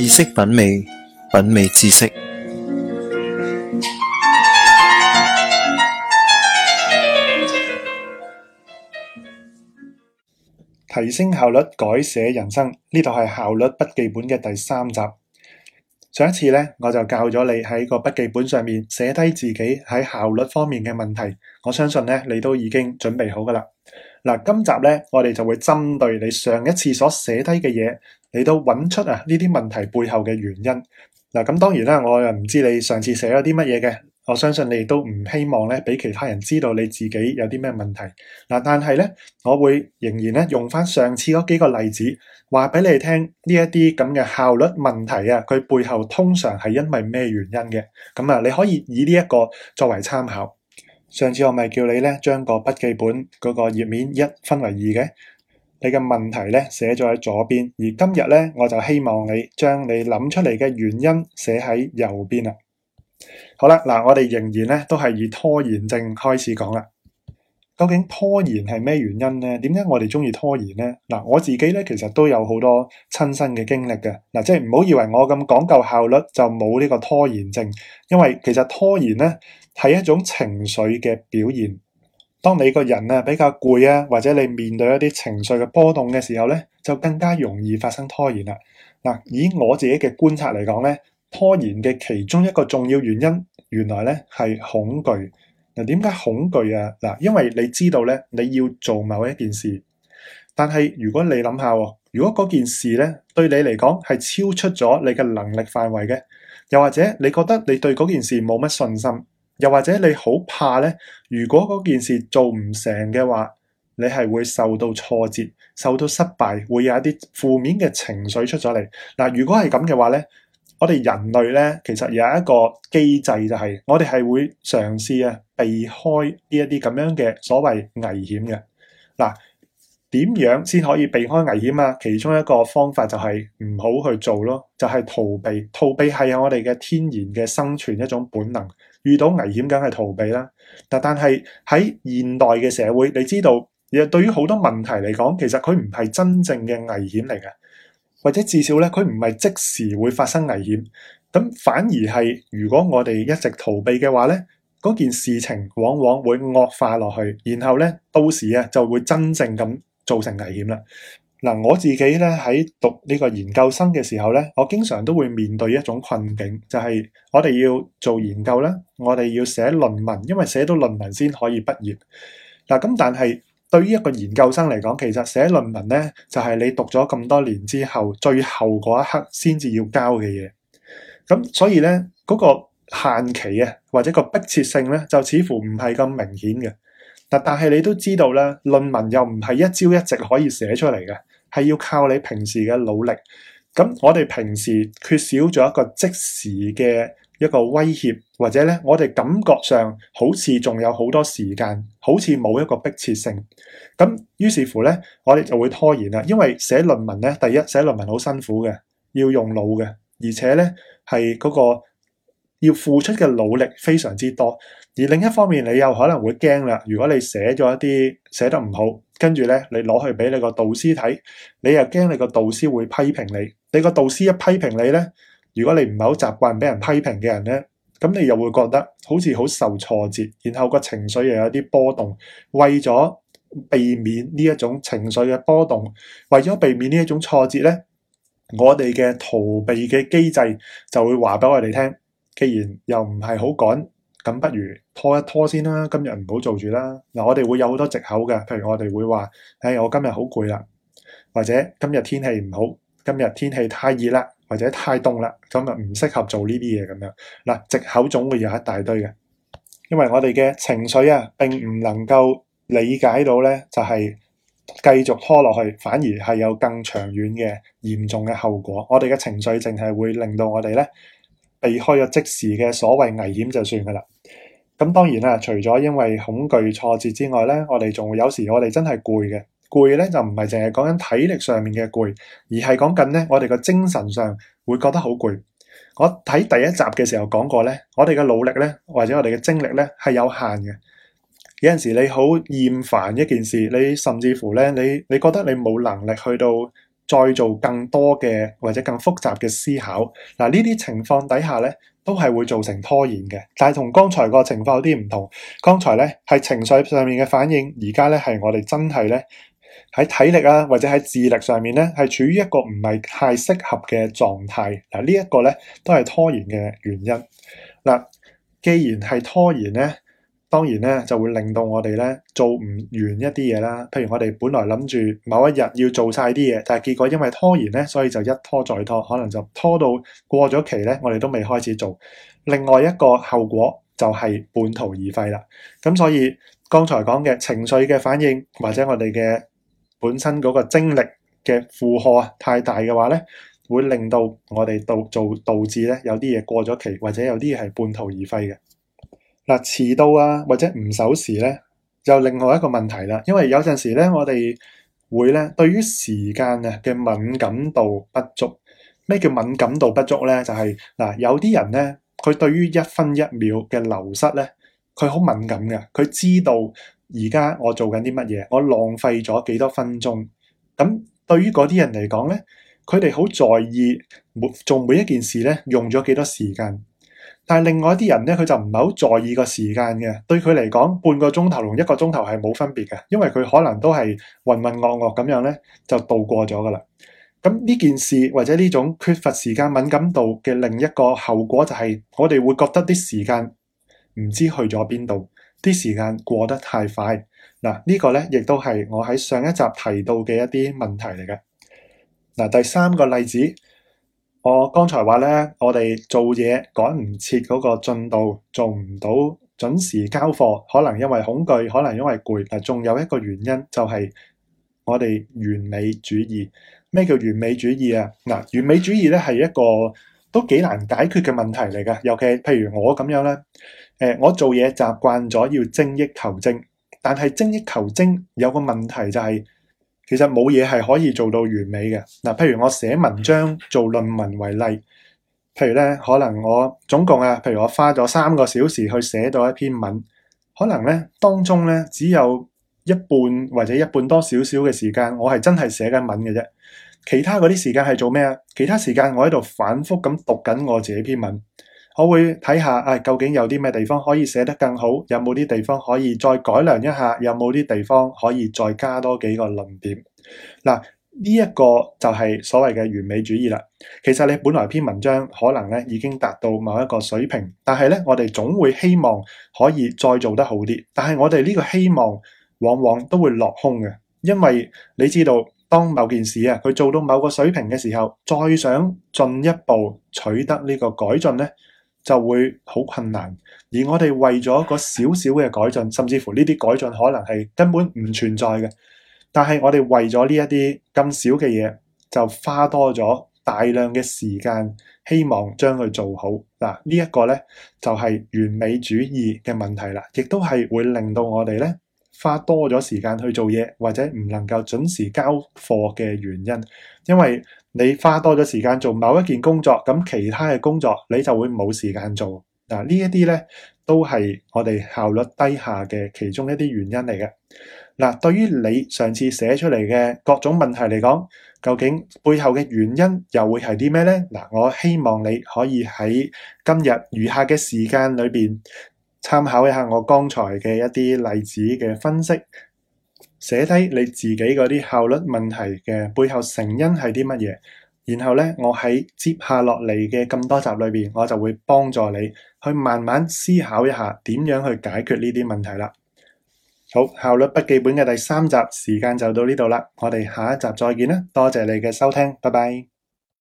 知識品味，品味知識，提升效率，改寫人生。呢度係效率筆記本嘅第三集。上一次呢，我就教咗你喺個筆記本上面寫低自己喺效率方面嘅問題。我相信呢，你都已經準備好㗎啦。嗱，今集呢，我哋就會針對你上一次所寫低嘅嘢。嚟到揾出啊呢啲問題背後嘅原因，嗱，咁當然啦，我又唔知你上次寫咗啲乜嘢嘅，我相信你亦都唔希望咧俾其他人知道你自己有啲咩問題嗱，但係咧，我會仍然咧用翻上次嗰幾個例子話俾你聽，呢一啲咁嘅效率問題啊，佢背後通常係因為咩原因嘅？咁啊，你可以以呢一個作為參考。上次我咪叫你咧將個筆記本嗰個頁面一分為二嘅。你嘅問題咧寫咗喺左邊，而今日咧我就希望你將你諗出嚟嘅原因寫喺右邊啦。好啦，嗱，我哋仍然咧都係以拖延症開始講啦。究竟拖延係咩原因咧？點解我哋中意拖延咧？嗱，我自己咧其實都有好多親身嘅經歷嘅。嗱，即係唔好以為我咁講究效率就冇呢個拖延症，因為其實拖延咧係一種情緒嘅表現。當你個人啊比較攰啊，或者你面對一啲情緒嘅波動嘅時候咧，就更加容易發生拖延啦。嗱，以我自己嘅觀察嚟講咧，拖延嘅其中一個重要原因，原來咧係恐懼。嗱，點解恐懼啊？嗱，因為你知道咧你要做某一件事，但係如果你諗下，如果嗰件事咧對你嚟講係超出咗你嘅能力範圍嘅，又或者你覺得你對嗰件事冇乜信心。又或者你好怕咧，如果嗰件事做唔成嘅話，你係會受到挫折、受到失敗，會有一啲負面嘅情緒出咗嚟。嗱，如果係咁嘅話咧，我哋人類咧其實有一個機制，就是，就係我哋係會嘗試啊避開呢一啲咁樣嘅所謂危險嘅。嗱。點樣先可以避開危險啊？其中一個方法就係唔好去做咯，就係逃避。逃避係我哋嘅天然嘅生存一種本能。遇到危險梗係逃避啦。但，但係喺現代嘅社會，你知道，而對於好多問題嚟講，其實佢唔係真正嘅危險嚟嘅，或者至少咧，佢唔係即時會發生危險。咁反而係，如果我哋一直逃避嘅話咧，嗰件事情往往會惡化落去，然後咧到時啊就會真正咁造成危險啦！嗱，我自己咧喺讀呢個研究生嘅時候咧，我經常都會面對一種困境，就係我哋要做研究啦，我哋要寫論文，因為寫到論文先可以畢業。嗱，咁但係對於一個研究生嚟講，其實寫論文咧，就係你讀咗咁多年之後，最後嗰一刻先至要交嘅嘢。咁所以咧，嗰個限期啊，或者個迫切性咧，就似乎唔係咁明顯嘅。但係你都知道啦，論文又唔係一朝一夕可以寫出嚟嘅，係要靠你平時嘅努力。咁我哋平時缺少咗一個即時嘅一個威脅，或者咧，我哋感覺上好似仲有好多時間，好似冇一個迫切性。咁於是乎咧，我哋就會拖延啦。因為寫論文咧，第一，寫論文好辛苦嘅，要用腦嘅，而且咧，係嗰個。要付出嘅努力非常之多，而另一方面你又可能會驚啦。如果你寫咗一啲寫得唔好，跟住咧你攞去俾你個導師睇，你又驚你個導師會批評你。你個導師一批評你咧，如果你唔係好習慣俾人批評嘅人咧，咁你又會覺得好似好受挫折，然後個情緒又有啲波動。為咗避免呢一種情緒嘅波動，為咗避免呢一種挫折咧，我哋嘅逃避嘅機制就會話俾我哋聽。既然又唔係好趕，咁不如拖一拖先啦。今日唔好做住啦。嗱，我哋會有好多藉口嘅，譬如我哋會話：唉、哎，我今日好攰啦，或者今日天，天氣唔好，今日天，天氣太熱啦，或者太凍啦，今日唔適合做呢啲嘢，咁樣。嗱，藉口總會有一大堆嘅，因為我哋嘅情緒啊，並唔能夠理解到呢，就係、是、繼續拖落去，反而係有更長遠嘅嚴重嘅後果。我哋嘅情緒淨係會令到我哋呢。避開咗即時嘅所謂危險就算噶啦。咁當然啦，除咗因為恐懼挫折之外咧，我哋仲會有時我哋真係攰嘅。攰咧，就唔係淨係講緊體力上面嘅攰，而係講緊咧我哋個精神上會覺得好攰。我睇第一集嘅時候講過咧，我哋嘅努力咧或者我哋嘅精力咧係有限嘅。有陣時你好厭煩一件事，你甚至乎咧你你覺得你冇能力去到，再做更多嘅或者更複雜嘅思考嗱，呢啲情況底下呢都係會造成拖延嘅。但係同剛才個情況有啲唔同，剛才呢係情緒上面嘅反應，而家呢係我哋真係呢喺體力啊或者喺智力上面呢，係處於一個唔係太適合嘅狀態嗱，呢一個呢都係拖延嘅原因嗱。既然係拖延呢。當然咧，就會令到我哋咧做唔完一啲嘢啦。譬如我哋本來諗住某一日要做晒啲嘢，但係結果因為拖延咧，所以就一拖再拖，可能就拖到過咗期咧，我哋都未開始做。另外一個後果就係半途而廢啦。咁，嗯，所以剛才講嘅情緒嘅反應，或者我哋嘅本身嗰個精力嘅負荷太大嘅話咧，會令到我哋導做導致咧有啲嘢過咗期，或者有啲嘢係半途而廢嘅。嗱，遲到啊，或者唔守時咧，就另外一個問題啦。因為有陣時咧，我哋會咧對於時間啊嘅敏感度不足。咩叫敏感度不足咧？就係嗱，有啲人咧，佢對於一分一秒嘅流失咧，佢好敏感嘅。佢知道而家我做緊啲乜嘢，我浪費咗幾多分鐘。咁對於嗰啲人嚟講咧，佢哋好在意每做每一件事咧用咗幾多時間。但係另外一啲人咧，佢就唔係好在意個時間嘅，對佢嚟講，半個鐘頭同一個鐘頭係冇分別嘅，因為佢可能都係渾渾噩噩咁樣咧就度過咗噶啦。咁呢件事或者呢種缺乏時間敏感度嘅另一個後果，就係，就係我哋會覺得啲時間唔知去咗邊度，啲時間過得太快。嗱、呢個、呢個咧，亦都係我喺上一集提到嘅一啲問題嚟嘅。嗱，第三個例子。我剛才話咧，我哋做嘢，趕唔切嗰個進度，做唔到準時交貨，可能因為恐懼，可能因為攰。但仲有一個原因就係、是、我哋完美主義。咩叫完美主義啊？嗱，完美主義咧係一個都幾難解決嘅問題嚟㗎。尤其係譬如我咁樣咧，誒、呃，我做嘢習慣咗要精益求精，但係精益求精有個問題就係、是。其實冇嘢係可以做到完美嘅。嗱，譬如我寫文章做論文為例，譬如咧，可能我總共啊，譬如我花咗三個小時去寫到一篇文，可能咧當中咧只有一半或者一半多少少嘅時間，我係真係寫緊文嘅啫。其他嗰啲時間係做咩啊？其他時間我喺度反覆咁讀緊我自己篇文。我會睇下啊，究竟有啲咩地方可以寫得更好，有冇啲地方可以再改良一下，有冇啲地方可以再加多幾個論點。嗱，呢一個就係所謂嘅完美主義啦。其實你本來篇文章可能咧已經達到某一個水平，但係咧我哋總會希望可以再做得好啲，但係我哋呢個希望往往都會落空嘅，因為你知道當某件事啊佢做到某個水平嘅時候，再想進一步取得呢個改進咧就會好困難，而我哋為咗個少少嘅改進，甚至乎呢啲改進可能係根本唔存在嘅，但係我哋為咗呢一啲咁少嘅嘢，就花多咗大量嘅時間，希望將佢做好。嗱，呢一個呢就係完美主義嘅問題啦，亦都係會令到我哋呢。花多咗時間去做嘢，或者唔能夠準時交貨嘅原因，因為你花多咗時間做某一件工作，咁其他嘅工作你就會冇時間做。嗱，呢一啲呢都係我哋效率低下嘅其中一啲原因嚟嘅。嗱，對於你上次寫出嚟嘅各種問題嚟講，究竟背後嘅原因又會係啲咩呢？嗱，我希望你可以喺今日餘下嘅時間裏邊，參考一下我剛才嘅一啲例子嘅分析，寫低你自己嗰啲效率問題嘅背後成因係啲乜嘢，然後呢，我喺接下落嚟嘅咁多集裏邊，我就會幫助你去慢慢思考一下點樣去解決呢啲問題啦。好，效率筆記本嘅第三集時間就到呢度啦，我哋下一集再見啦，多謝你嘅收聽，拜拜。